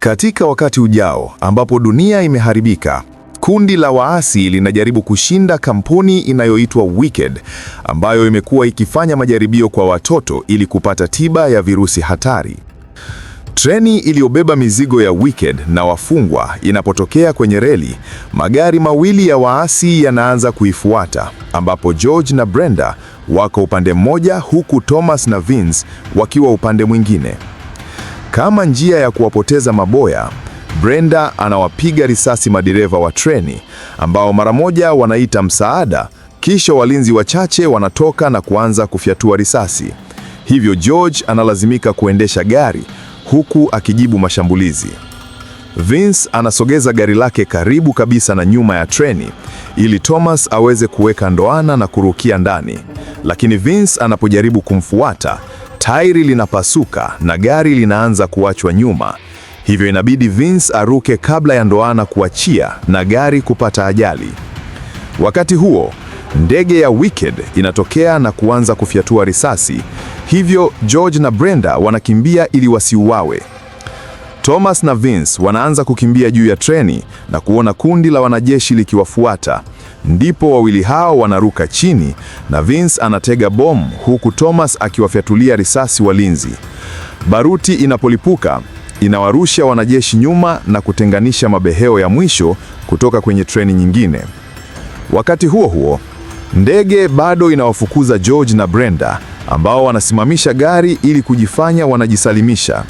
Katika wakati ujao ambapo dunia imeharibika, kundi la waasi linajaribu kushinda kampuni inayoitwa Wicked ambayo imekuwa ikifanya majaribio kwa watoto ili kupata tiba ya virusi hatari. Treni iliyobeba mizigo ya Wicked na wafungwa inapotokea kwenye reli, magari mawili ya waasi yanaanza kuifuata, ambapo George na Brenda wako upande mmoja, huku Thomas na Vince wakiwa upande mwingine. Kama njia ya kuwapoteza maboya, Brenda anawapiga risasi madereva wa treni ambao mara moja wanaita msaada, kisha walinzi wachache wanatoka na kuanza kufyatua risasi. Hivyo George analazimika kuendesha gari huku akijibu mashambulizi. Vince anasogeza gari lake karibu kabisa na nyuma ya treni ili Thomas aweze kuweka ndoana na kurukia ndani, lakini Vince anapojaribu kumfuata Tairi linapasuka na gari linaanza kuachwa nyuma, hivyo inabidi Vince aruke kabla ya ndoana kuachia na gari kupata ajali. Wakati huo ndege ya Wicked inatokea na kuanza kufyatua risasi, hivyo George na Brenda wanakimbia ili wasiuawe. Thomas na Vince wanaanza kukimbia juu ya treni na kuona kundi la wanajeshi likiwafuata. Ndipo wawili hao wanaruka chini na Vince anatega bomu huku Thomas akiwafyatulia risasi walinzi. Baruti inapolipuka inawarusha wanajeshi nyuma na kutenganisha mabeheo ya mwisho kutoka kwenye treni nyingine. Wakati huo huo, ndege bado inawafukuza George na Brenda ambao wanasimamisha gari ili kujifanya wanajisalimisha.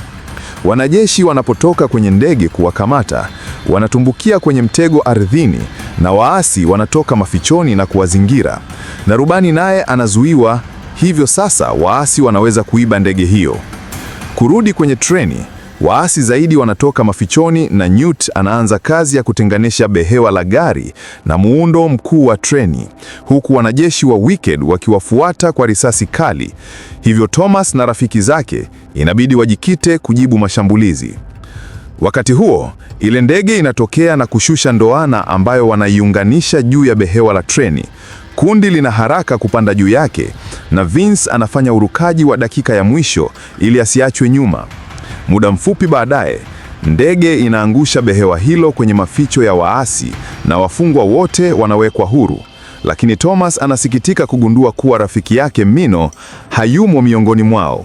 Wanajeshi wanapotoka kwenye ndege kuwakamata, wanatumbukia kwenye mtego ardhini na waasi wanatoka mafichoni na kuwazingira. Na rubani naye anazuiwa, hivyo sasa waasi wanaweza kuiba ndege hiyo. Kurudi kwenye treni Waasi zaidi wanatoka mafichoni na Newt anaanza kazi ya kutenganisha behewa la gari na muundo mkuu wa treni, huku wanajeshi wa Wicked wakiwafuata kwa risasi kali. Hivyo Thomas na rafiki zake inabidi wajikite kujibu mashambulizi. Wakati huo ile ndege inatokea na kushusha ndoana ambayo wanaiunganisha juu ya behewa la treni. Kundi lina haraka kupanda juu yake na Vince anafanya urukaji wa dakika ya mwisho ili asiachwe nyuma. Muda mfupi baadaye, ndege inaangusha behewa hilo kwenye maficho ya waasi na wafungwa wote wanawekwa huru. Lakini Thomas anasikitika kugundua kuwa rafiki yake Mino hayumo miongoni mwao.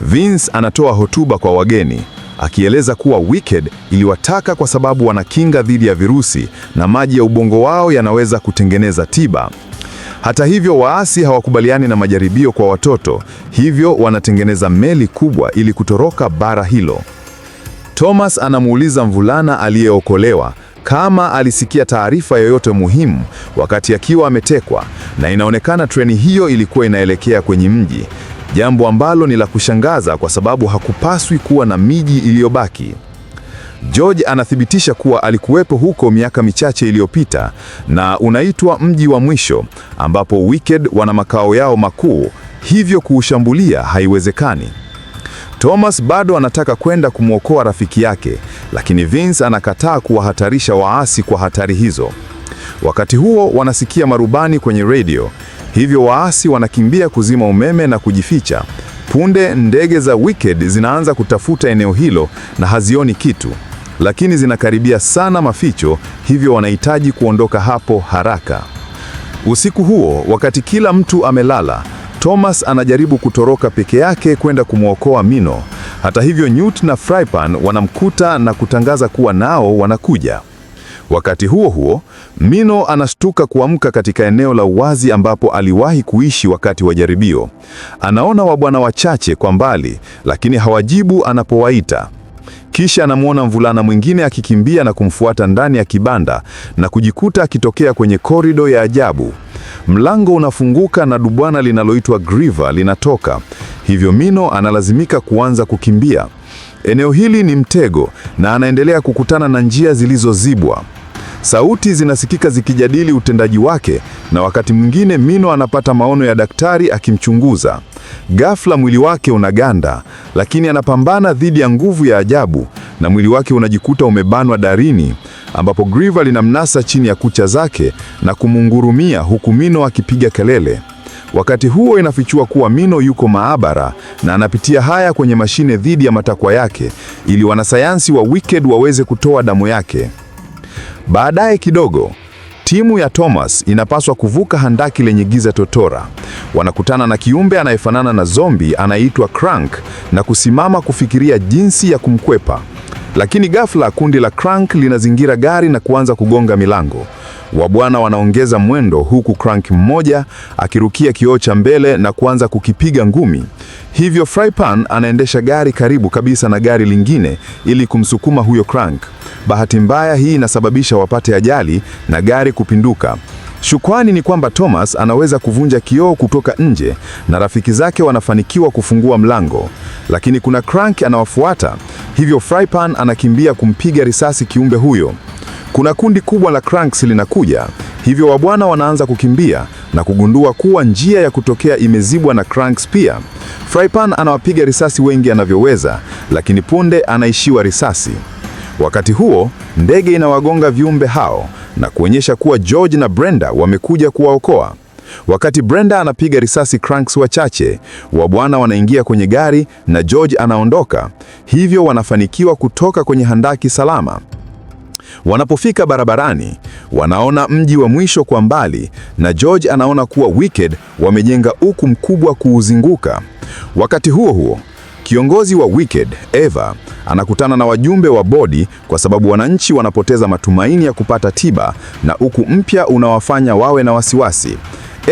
Vince anatoa hotuba kwa wageni akieleza kuwa Wicked iliwataka kwa sababu wanakinga dhidi ya virusi na maji ya ubongo wao yanaweza kutengeneza tiba. Hata hivyo, waasi hawakubaliani na majaribio kwa watoto, hivyo wanatengeneza meli kubwa ili kutoroka bara hilo. Thomas anamuuliza mvulana aliyeokolewa kama alisikia taarifa yoyote muhimu wakati akiwa ametekwa, na inaonekana treni hiyo ilikuwa inaelekea kwenye mji, jambo ambalo ni la kushangaza kwa sababu hakupaswi kuwa na miji iliyobaki. George anathibitisha kuwa alikuwepo huko miaka michache iliyopita na unaitwa Mji wa Mwisho ambapo Wicked wana makao yao makuu, hivyo kuushambulia haiwezekani. Thomas bado anataka kwenda kumwokoa rafiki yake, lakini Vince anakataa kuwahatarisha waasi kwa hatari hizo. Wakati huo wanasikia marubani kwenye redio, hivyo waasi wanakimbia kuzima umeme na kujificha. Punde ndege za Wicked zinaanza kutafuta eneo hilo na hazioni kitu lakini zinakaribia sana maficho, hivyo wanahitaji kuondoka hapo haraka. Usiku huo, wakati kila mtu amelala, Thomas anajaribu kutoroka peke yake kwenda kumwokoa Mino. Hata hivyo, Newt na Frypan wanamkuta na kutangaza kuwa nao wanakuja. Wakati huo huo, Mino anashtuka kuamka katika eneo la uwazi ambapo aliwahi kuishi wakati wa jaribio. Anaona wabwana wachache kwa mbali, lakini hawajibu anapowaita. Kisha anamwona mvulana mwingine akikimbia na kumfuata ndani ya kibanda na kujikuta akitokea kwenye korido ya ajabu. Mlango unafunguka na dubwana linaloitwa Griva linatoka, hivyo Mino analazimika kuanza kukimbia. Eneo hili ni mtego na anaendelea kukutana na njia zilizozibwa. Sauti zinasikika zikijadili utendaji wake na wakati mwingine Mino anapata maono ya daktari akimchunguza. Ghafla mwili wake unaganda, lakini anapambana dhidi ya nguvu ya ajabu, na mwili wake unajikuta umebanwa darini, ambapo Griva linamnasa chini ya kucha zake na kumungurumia, huku Mino akipiga kelele. Wakati huo inafichua kuwa Mino yuko maabara na anapitia haya kwenye mashine dhidi ya matakwa yake ili wanasayansi wa Wicked waweze kutoa damu yake. Baadaye kidogo Timu ya Thomas inapaswa kuvuka handaki lenye giza totora. Wanakutana na kiumbe anayefanana na zombi anayeitwa Crank na kusimama kufikiria jinsi ya kumkwepa, lakini ghafla kundi la Crank linazingira gari na kuanza kugonga milango. Wabwana wanaongeza mwendo huku crank mmoja akirukia kioo cha mbele na kuanza kukipiga ngumi. Hivyo Frypan anaendesha gari karibu kabisa na gari lingine ili kumsukuma huyo crank. Bahati mbaya hii inasababisha wapate ajali na gari kupinduka. Shukrani ni kwamba Thomas anaweza kuvunja kioo kutoka nje na rafiki zake wanafanikiwa kufungua mlango, lakini kuna crank anawafuata, hivyo Frypan anakimbia kumpiga risasi kiumbe huyo kuna kundi kubwa la cranks linakuja, hivyo wabwana wanaanza kukimbia na kugundua kuwa njia ya kutokea imezibwa na cranks pia. Frypan anawapiga risasi wengi anavyoweza, lakini punde anaishiwa risasi. Wakati huo ndege inawagonga viumbe hao na kuonyesha kuwa George na Brenda wamekuja kuwaokoa. Wakati Brenda anapiga risasi cranks wachache, wabwana wanaingia kwenye gari na George anaondoka, hivyo wanafanikiwa kutoka kwenye handaki salama. Wanapofika barabarani, wanaona mji wa mwisho kwa mbali na George anaona kuwa Wicked wamejenga uku mkubwa kuuzinguka. Wakati huo huo, kiongozi wa Wicked, Eva, anakutana na wajumbe wa bodi kwa sababu wananchi wanapoteza matumaini ya kupata tiba na uku mpya unawafanya wawe na wasiwasi.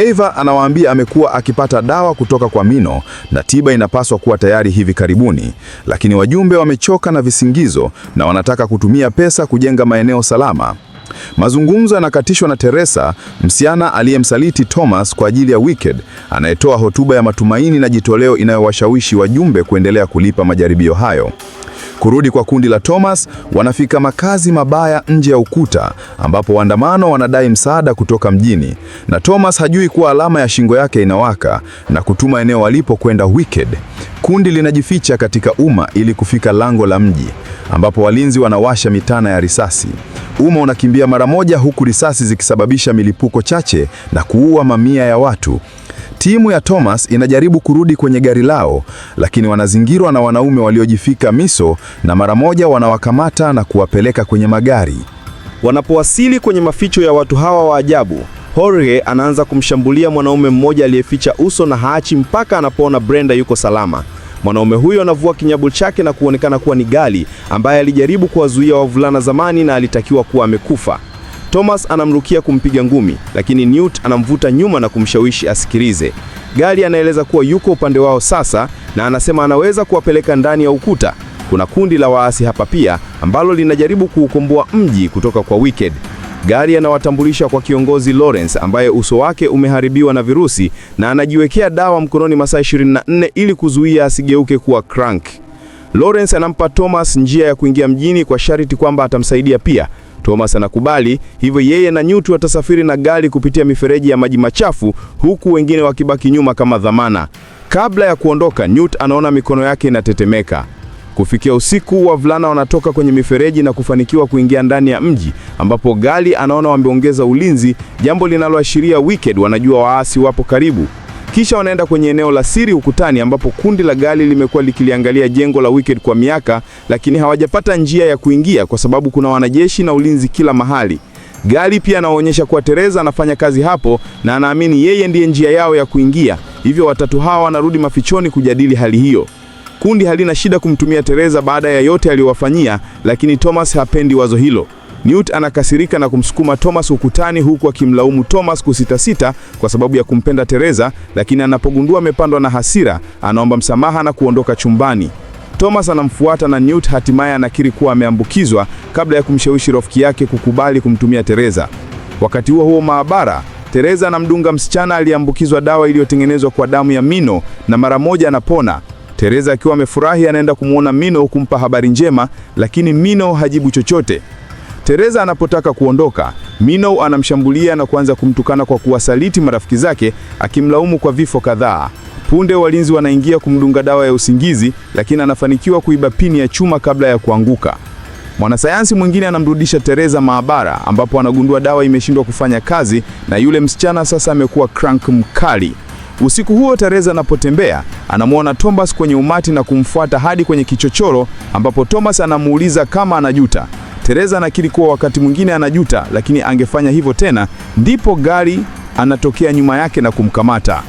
Eva anawaambia amekuwa akipata dawa kutoka kwa Mino na tiba inapaswa kuwa tayari hivi karibuni, lakini wajumbe wamechoka na visingizo na wanataka kutumia pesa kujenga maeneo salama. Mazungumzo yanakatishwa na Teresa, msichana aliyemsaliti Thomas kwa ajili ya Wicked, anayetoa hotuba ya matumaini na jitoleo inayowashawishi wajumbe kuendelea kulipa majaribio hayo. Kurudi kwa kundi la Thomas, wanafika makazi mabaya nje ya ukuta ambapo waandamano wanadai msaada kutoka mjini, na Thomas hajui kuwa alama ya shingo yake inawaka na kutuma eneo walipo kwenda Wicked. Kundi linajificha katika umma ili kufika lango la mji ambapo walinzi wanawasha mitana ya risasi. Umma unakimbia mara moja, huku risasi zikisababisha milipuko chache na kuua mamia ya watu. Timu ya Thomas inajaribu kurudi kwenye gari lao, lakini wanazingirwa na wanaume waliojifika miso na mara moja wanawakamata na kuwapeleka kwenye magari. Wanapowasili kwenye maficho ya watu hawa wa ajabu, Jorge anaanza kumshambulia mwanaume mmoja aliyeficha uso na haachi mpaka anapoona Brenda yuko salama. Mwanaume huyo anavua kinyabu chake na kuonekana kuwa ni Gali ambaye alijaribu kuwazuia wavulana zamani na alitakiwa kuwa amekufa. Thomas anamrukia kumpiga ngumi, lakini Newt anamvuta nyuma na kumshawishi asikilize. Gari anaeleza kuwa yuko upande wao sasa na anasema anaweza kuwapeleka ndani ya ukuta. Kuna kundi la waasi hapa pia ambalo linajaribu kuukomboa mji kutoka kwa Wicked. Gari anawatambulisha kwa kiongozi Lawrence ambaye uso wake umeharibiwa na virusi na anajiwekea dawa mkononi masaa 24 ili kuzuia asigeuke kuwa Crank. Lawrence anampa Thomas njia ya kuingia mjini kwa sharti kwamba atamsaidia pia. Thomas anakubali, hivyo yeye na Nyutu watasafiri na gari kupitia mifereji ya maji machafu, huku wengine wakibaki nyuma kama dhamana. Kabla ya kuondoka, Nyutu anaona mikono yake inatetemeka. Kufikia usiku, wavulana wanatoka kwenye mifereji na kufanikiwa kuingia ndani ya mji, ambapo Gali anaona wameongeza ulinzi, jambo linaloashiria Wicked wanajua waasi wapo karibu. Kisha wanaenda kwenye eneo la siri ukutani, ambapo kundi la Gali limekuwa likiliangalia jengo la Wicked kwa miaka, lakini hawajapata njia ya kuingia kwa sababu kuna wanajeshi na ulinzi kila mahali. Gali pia anaonyesha kuwa Teresa anafanya kazi hapo na anaamini yeye ndiye njia yao ya kuingia, hivyo watatu hawa wanarudi mafichoni kujadili hali hiyo. Kundi halina shida kumtumia Teresa baada ya yote aliyowafanyia, lakini Thomas hapendi wazo hilo. Newt anakasirika na kumsukuma Thomas ukutani, huku akimlaumu Thomas kusitasita kwa sababu ya kumpenda Teresa, lakini anapogundua amepandwa na hasira, anaomba msamaha na kuondoka chumbani. Thomas anamfuata na Newt hatimaye anakiri kuwa ameambukizwa kabla ya kumshawishi rafiki yake kukubali kumtumia Teresa. Wakati huo huo, maabara Teresa anamdunga msichana aliyeambukizwa dawa iliyotengenezwa kwa damu ya Mino na mara moja anapona. Teresa akiwa amefurahi anaenda kumwona Mino kumpa habari njema, lakini Mino hajibu chochote. Teresa anapotaka kuondoka, mino anamshambulia na kuanza kumtukana kwa kuwasaliti marafiki zake, akimlaumu kwa vifo kadhaa. Punde walinzi wanaingia kumdunga dawa ya usingizi, lakini anafanikiwa kuiba pini ya chuma kabla ya kuanguka. Mwanasayansi mwingine anamrudisha Teresa maabara ambapo anagundua dawa imeshindwa kufanya kazi na yule msichana sasa amekuwa crank mkali. Usiku huo Teresa anapotembea anamwona Thomas kwenye umati na kumfuata hadi kwenye kichochoro ambapo Thomas anamuuliza kama anajuta. Teresa anakiri kuwa wakati mwingine anajuta, lakini angefanya hivyo tena. Ndipo gari anatokea nyuma yake na kumkamata.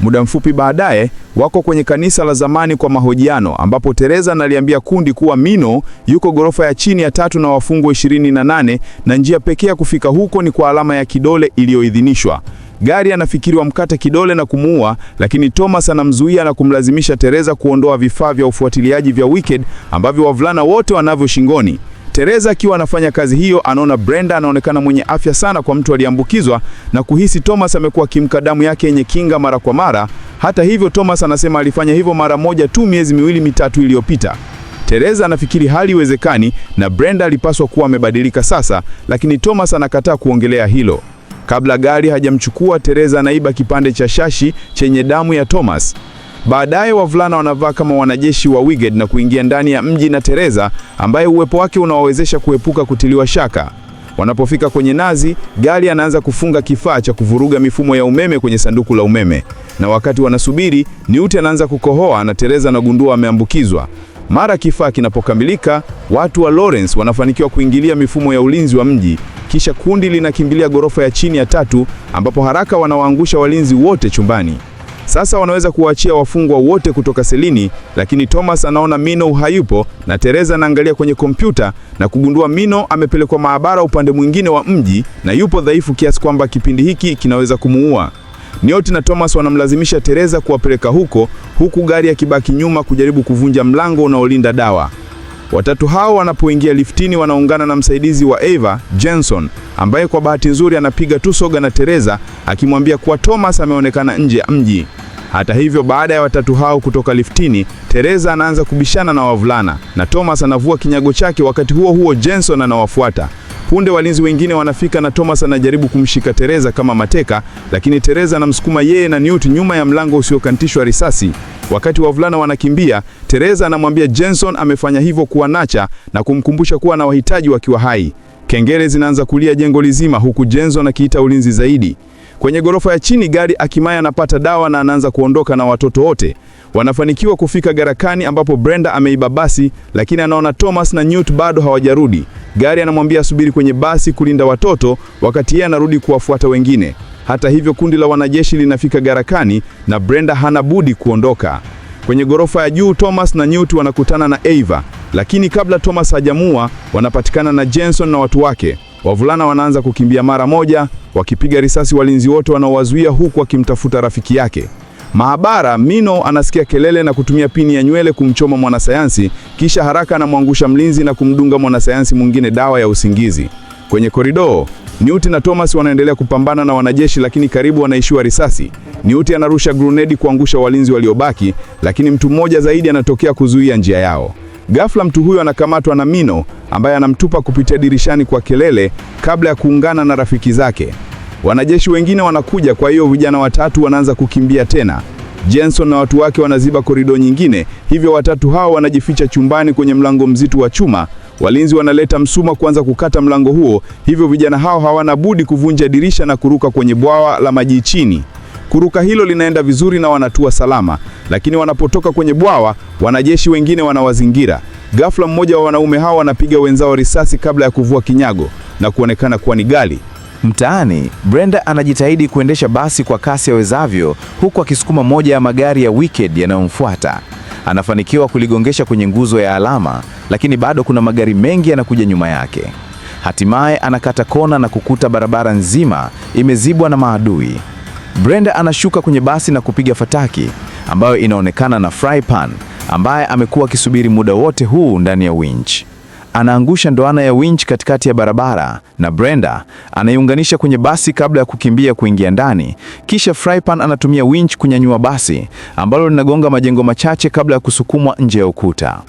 Muda mfupi baadaye wako kwenye kanisa la zamani kwa mahojiano, ambapo Teresa analiambia kundi kuwa Mino yuko ghorofa ya chini ya tatu na wafungwa 28 na njia pekee ya kufika huko ni kwa alama ya kidole iliyoidhinishwa. Gari anafikiri wamkate kidole na kumuua, lakini Thomas anamzuia na kumlazimisha Teresa kuondoa vifaa vya ufuatiliaji vya Wicked ambavyo wavulana wote wanavyo shingoni. Teresa akiwa anafanya kazi hiyo, anaona Brenda anaonekana mwenye afya sana kwa mtu aliyeambukizwa na kuhisi Thomas amekuwa akimka damu yake yenye kinga mara kwa mara. Hata hivyo, Thomas anasema alifanya hivyo mara moja tu miezi miwili mitatu iliyopita. Teresa anafikiri hali iwezekani na Brenda alipaswa kuwa amebadilika sasa, lakini Thomas anakataa kuongelea hilo. Kabla gari hajamchukua Teresa anaiba kipande cha shashi chenye damu ya Thomas. Baadaye wavulana wanavaa kama wanajeshi wa wiged na kuingia ndani ya mji na Teresa, ambaye uwepo wake unawawezesha kuepuka kutiliwa shaka. Wanapofika kwenye Nazi, Gali anaanza kufunga kifaa cha kuvuruga mifumo ya umeme kwenye sanduku la umeme, na wakati wanasubiri, Newt anaanza kukohoa na Teresa anagundua ameambukizwa. Mara kifaa kinapokamilika, watu wa Lawrence wanafanikiwa kuingilia mifumo ya ulinzi wa mji, kisha kundi linakimbilia ghorofa ya chini ya tatu, ambapo haraka wanawaangusha walinzi wote chumbani. Sasa wanaweza kuwaachia wafungwa wote kutoka selini, lakini Thomas anaona Mino hayupo na Teresa anaangalia kwenye kompyuta na kugundua Mino amepelekwa maabara upande mwingine wa mji na yupo dhaifu kiasi kwamba kipindi hiki kinaweza kumuua. Nioti na Thomas wanamlazimisha Teresa kuwapeleka huko, huku gari akibaki nyuma kujaribu kuvunja mlango unaolinda dawa. Watatu hao wanapoingia liftini wanaungana na msaidizi wa Eva, Jenson, ambaye kwa bahati nzuri anapiga tu soga na Teresa akimwambia kuwa Thomas ameonekana nje ya mji. Hata hivyo, baada ya watatu hao kutoka liftini, Teresa anaanza kubishana na wavulana na Thomas anavua kinyago chake. Wakati huo huo, Jenson anawafuata. Punde walinzi wengine wanafika na Thomas anajaribu kumshika Teresa kama mateka, lakini Teresa anamsukuma yeye na Newt nyuma ya mlango usiokantishwa risasi. Wakati wavulana wanakimbia, Teresa anamwambia Jenson amefanya hivyo kuwa nacha na kumkumbusha kuwa na wahitaji wakiwa hai. Kengele zinaanza kulia jengo lizima, huku Jenson akiita ulinzi zaidi. Kwenye gorofa ya chini, gari Akimaya anapata dawa na anaanza kuondoka na watoto wote. Wanafanikiwa kufika garakani ambapo Brenda ameiba basi, lakini anaona Thomas na Newt bado hawajarudi. Gari anamwambia asubiri kwenye basi kulinda watoto, wakati yeye anarudi kuwafuata wengine. Hata hivyo, kundi la wanajeshi linafika garakani na Brenda hana budi kuondoka. Kwenye ghorofa ya juu, Thomas na Newt wanakutana na Eva, lakini kabla Thomas hajamua, wanapatikana na Jenson na watu wake. Wavulana wanaanza kukimbia mara moja, wakipiga risasi walinzi wote wanaowazuia huku wakimtafuta rafiki yake. Maabara, Mino anasikia kelele na kutumia pini ya nywele kumchoma mwanasayansi, kisha haraka anamwangusha mlinzi na kumdunga mwanasayansi mwingine dawa ya usingizi. Kwenye korido, Newt na Thomas wanaendelea kupambana na wanajeshi, lakini karibu wanaishiwa risasi. Newt anarusha grunedi kuangusha walinzi waliobaki, lakini mtu mmoja zaidi anatokea kuzuia njia yao. Ghafla mtu huyo anakamatwa na Mino ambaye anamtupa kupitia dirishani kwa kelele kabla ya kuungana na rafiki zake. Wanajeshi wengine wanakuja, kwa hiyo vijana watatu wanaanza kukimbia tena. Jenson na watu wake wanaziba korido nyingine, hivyo watatu hao wanajificha chumbani kwenye mlango mzito wa chuma Walinzi wanaleta msuma kuanza kukata mlango huo, hivyo vijana hao hawana budi kuvunja dirisha na kuruka kwenye bwawa la maji chini. Kuruka hilo linaenda vizuri na wanatua salama, lakini wanapotoka kwenye bwawa, wanajeshi wengine wanawazingira. Ghafla mmoja wa wanaume hao wanapiga wenzao risasi kabla ya kuvua kinyago na kuonekana kuwa ni Gali. Mtaani, Brenda anajitahidi kuendesha basi kwa kasi wezavyo huku akisukuma moja ya magari ya Wicked yanayomfuata. Anafanikiwa kuligongesha kwenye nguzo ya alama, lakini bado kuna magari mengi yanakuja nyuma yake. Hatimaye anakata kona na kukuta barabara nzima imezibwa na maadui. Brenda anashuka kwenye basi na kupiga fataki ambayo inaonekana na Frypan ambaye amekuwa akisubiri muda wote huu ndani ya winch anaangusha ndoana ya Winch katikati ya barabara na Brenda anaiunganisha kwenye basi kabla ya kukimbia kuingia ndani. Kisha Frypan anatumia Winch kunyanyua basi ambalo linagonga majengo machache kabla ya kusukumwa nje ya ukuta.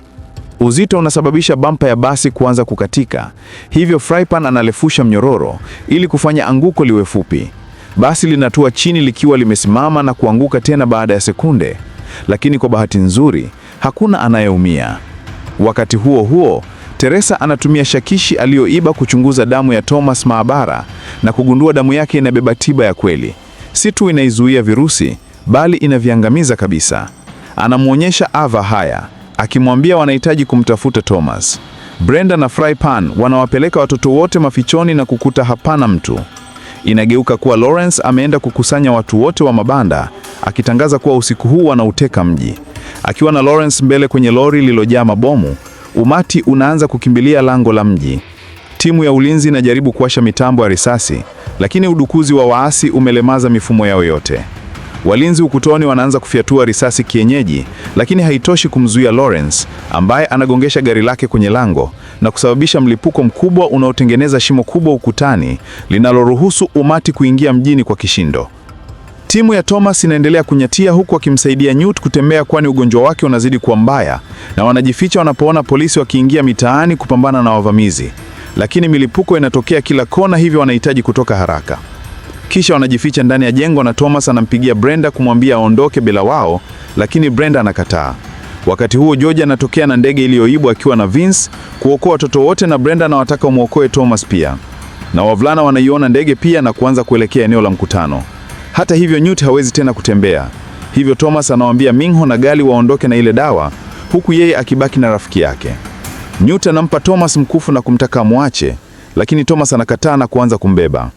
Uzito unasababisha bampa ya basi kuanza kukatika, hivyo Frypan analefusha mnyororo ili kufanya anguko liwe fupi. Basi linatua chini likiwa limesimama na kuanguka tena baada ya sekunde, lakini kwa bahati nzuri hakuna anayeumia. Wakati huo huo Teresa anatumia shakishi aliyoiba kuchunguza damu ya Thomas maabara na kugundua damu yake inabeba tiba ya kweli. Si tu inaizuia virusi, bali inaviangamiza kabisa. Anamwonyesha Ava haya, akimwambia wanahitaji kumtafuta Thomas. Brenda na Frypan wanawapeleka watoto wote mafichoni na kukuta hapana mtu. Inageuka kuwa Lawrence ameenda kukusanya watu wote wa mabanda, akitangaza kuwa usiku huu wanauteka mji. Akiwa na Lawrence mbele kwenye lori lililojaa mabomu, Umati unaanza kukimbilia lango la mji. Timu ya ulinzi inajaribu kuwasha mitambo ya risasi, lakini udukuzi wa waasi umelemaza mifumo yao yote. Walinzi ukutoni wanaanza kufyatua risasi kienyeji, lakini haitoshi kumzuia Lawrence ambaye anagongesha gari lake kwenye lango na kusababisha mlipuko mkubwa unaotengeneza shimo kubwa ukutani linaloruhusu umati kuingia mjini kwa kishindo. Timu ya Thomas inaendelea kunyatia huku akimsaidia Newt kutembea kwani ugonjwa wake unazidi kuwa mbaya na wanajificha wanapoona polisi wakiingia mitaani kupambana na wavamizi. Lakini milipuko inatokea kila kona hivyo wanahitaji kutoka haraka. Kisha wanajificha ndani ya jengo na Thomas anampigia Brenda kumwambia aondoke bila wao, lakini Brenda anakataa. Wakati huo George anatokea na ndege iliyoibwa akiwa na Vince kuokoa watoto wote na Brenda anawataka umwokoe Thomas pia. Na wavulana wanaiona ndege pia na kuanza kuelekea eneo la mkutano. Hata hivyo Newt hawezi tena kutembea, hivyo Thomas anawaambia Mingho na Gali waondoke na ile dawa, huku yeye akibaki na rafiki yake. Newt anampa Thomas mkufu na kumtaka amwache, lakini Thomas anakataa na kuanza kumbeba.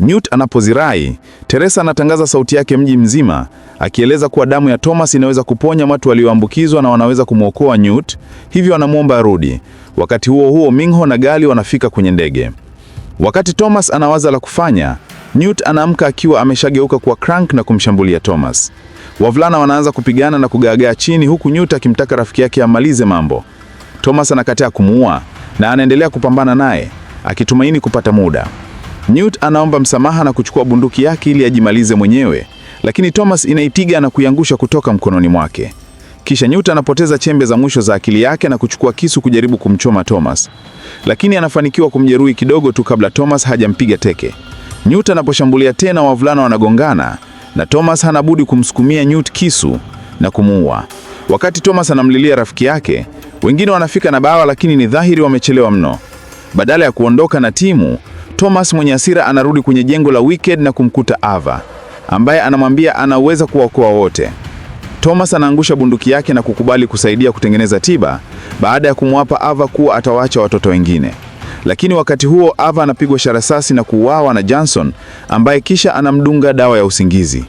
Newt anapozirai, Teresa anatangaza sauti yake mji mzima, akieleza kuwa damu ya Thomas inaweza kuponya watu walioambukizwa na wanaweza kumwokoa Newt, hivyo anamwomba arudi. Wakati huo huo, Mingho na Gali wanafika kwenye ndege. Wakati Thomas anawaza la kufanya, Newt anaamka akiwa ameshageuka kuwa Crank na kumshambulia Thomas. Wavulana wanaanza kupigana na kugaagaa chini huku Newt akimtaka rafiki yake amalize mambo. Thomas anakataa kumuua na anaendelea kupambana naye akitumaini kupata muda. Newt anaomba msamaha na kuchukua bunduki yake ili ajimalize mwenyewe, lakini Thomas inaitiga na kuiangusha kutoka mkononi mwake. Kisha Newt anapoteza chembe za mwisho za akili yake na kuchukua kisu kujaribu kumchoma Thomas, lakini anafanikiwa kumjeruhi kidogo tu kabla Thomas hajampiga teke. Newt anaposhambulia tena, wavulana wanagongana na Thomas hanabudi kumsukumia Newt kisu na kumuua. Wakati Thomas anamlilia rafiki yake, wengine wanafika na bawa, lakini ni dhahiri wamechelewa mno. Badala ya kuondoka na timu, Thomas mwenye hasira anarudi kwenye jengo la Wicked na kumkuta Ava ambaye anamwambia anaweza kuwaokoa wote. Thomas anaangusha bunduki yake na kukubali kusaidia kutengeneza tiba baada ya kumwapa Ava kuwa atawaacha watoto wengine. Lakini wakati huo Ava anapigwa sharasasi na kuuawa na Johnson ambaye kisha anamdunga dawa ya usingizi.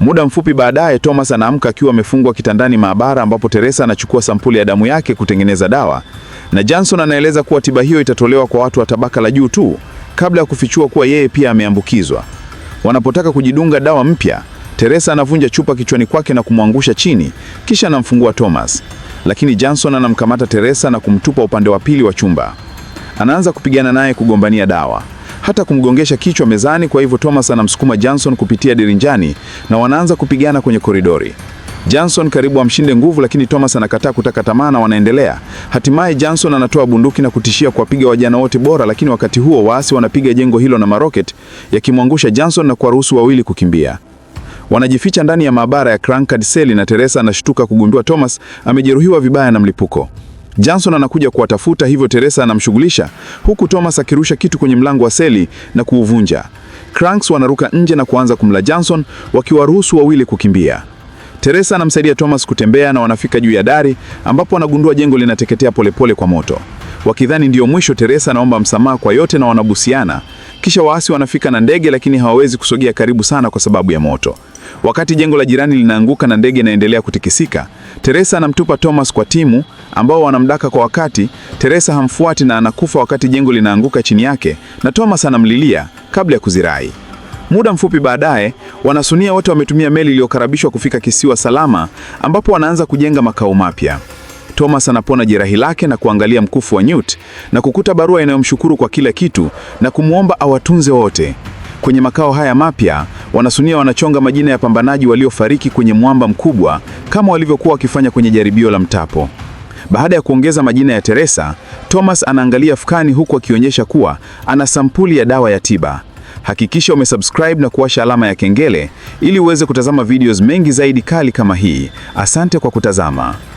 Muda mfupi baadaye Thomas anaamka akiwa amefungwa kitandani maabara ambapo Teresa anachukua sampuli ya damu yake kutengeneza dawa, na Johnson anaeleza kuwa tiba hiyo itatolewa kwa watu wa tabaka la juu tu, kabla ya kufichua kuwa yeye pia ameambukizwa. Wanapotaka kujidunga dawa mpya, Teresa anavunja chupa kichwani kwake na kumwangusha chini, kisha anamfungua Thomas, lakini Johnson anamkamata Teresa na kumtupa upande wa pili wa chumba. Anaanza kupigana naye kugombania dawa, hata kumgongesha kichwa mezani. Kwa hivyo Thomas anamsukuma Johnson kupitia dirinjani na wanaanza kupigana kwenye koridori. Johnson karibu amshinde nguvu, lakini Thomas anakataa kutaka tamaa na wanaendelea. Hatimaye Johnson anatoa bunduki na kutishia kuwapiga wajana wote bora, lakini wakati huo waasi wanapiga jengo hilo na maroket yakimwangusha Johnson na kuwaruhusu wawili kukimbia. Wanajificha ndani ya maabara ya Crankard Cell na Teresa anashtuka kugundua Thomas amejeruhiwa vibaya na mlipuko. Johnson anakuja kuwatafuta, hivyo Teresa anamshughulisha huku Thomas akirusha kitu kwenye mlango wa seli na kuuvunja. Cranks wanaruka nje na kuanza kumla Johnson, wakiwaruhusu wawili kukimbia. Teresa anamsaidia Thomas kutembea na wanafika juu ya dari ambapo wanagundua jengo linateketea polepole kwa moto. Wakidhani ndiyo mwisho, Teresa anaomba msamaha kwa yote na wanabusiana. Kisha waasi wanafika na ndege, lakini hawawezi kusogea karibu sana kwa sababu ya moto. Wakati jengo la jirani linaanguka na ndege inaendelea kutikisika, Teresa anamtupa Thomas kwa timu ambao wanamdaka kwa wakati. Teresa hamfuati na anakufa wakati jengo linaanguka chini yake, na Thomas anamlilia kabla ya kuzirai. Muda mfupi baadaye, wanasunia wote wametumia meli iliyokarabishwa kufika kisiwa salama, ambapo wanaanza kujenga makao mapya. Thomas anapona jeraha lake na kuangalia mkufu wa Newt na kukuta barua inayomshukuru kwa kila kitu na kumwomba awatunze wote. Kwenye makao haya mapya, wanasunia wanachonga majina ya pambanaji waliofariki kwenye mwamba mkubwa kama walivyokuwa wakifanya kwenye jaribio la mtapo. Baada ya kuongeza majina ya Teresa, Thomas anaangalia fukani huku akionyesha kuwa ana sampuli ya dawa ya tiba. Hakikisha umesubscribe na kuwasha alama ya kengele ili uweze kutazama videos mengi zaidi kali kama hii. Asante kwa kutazama.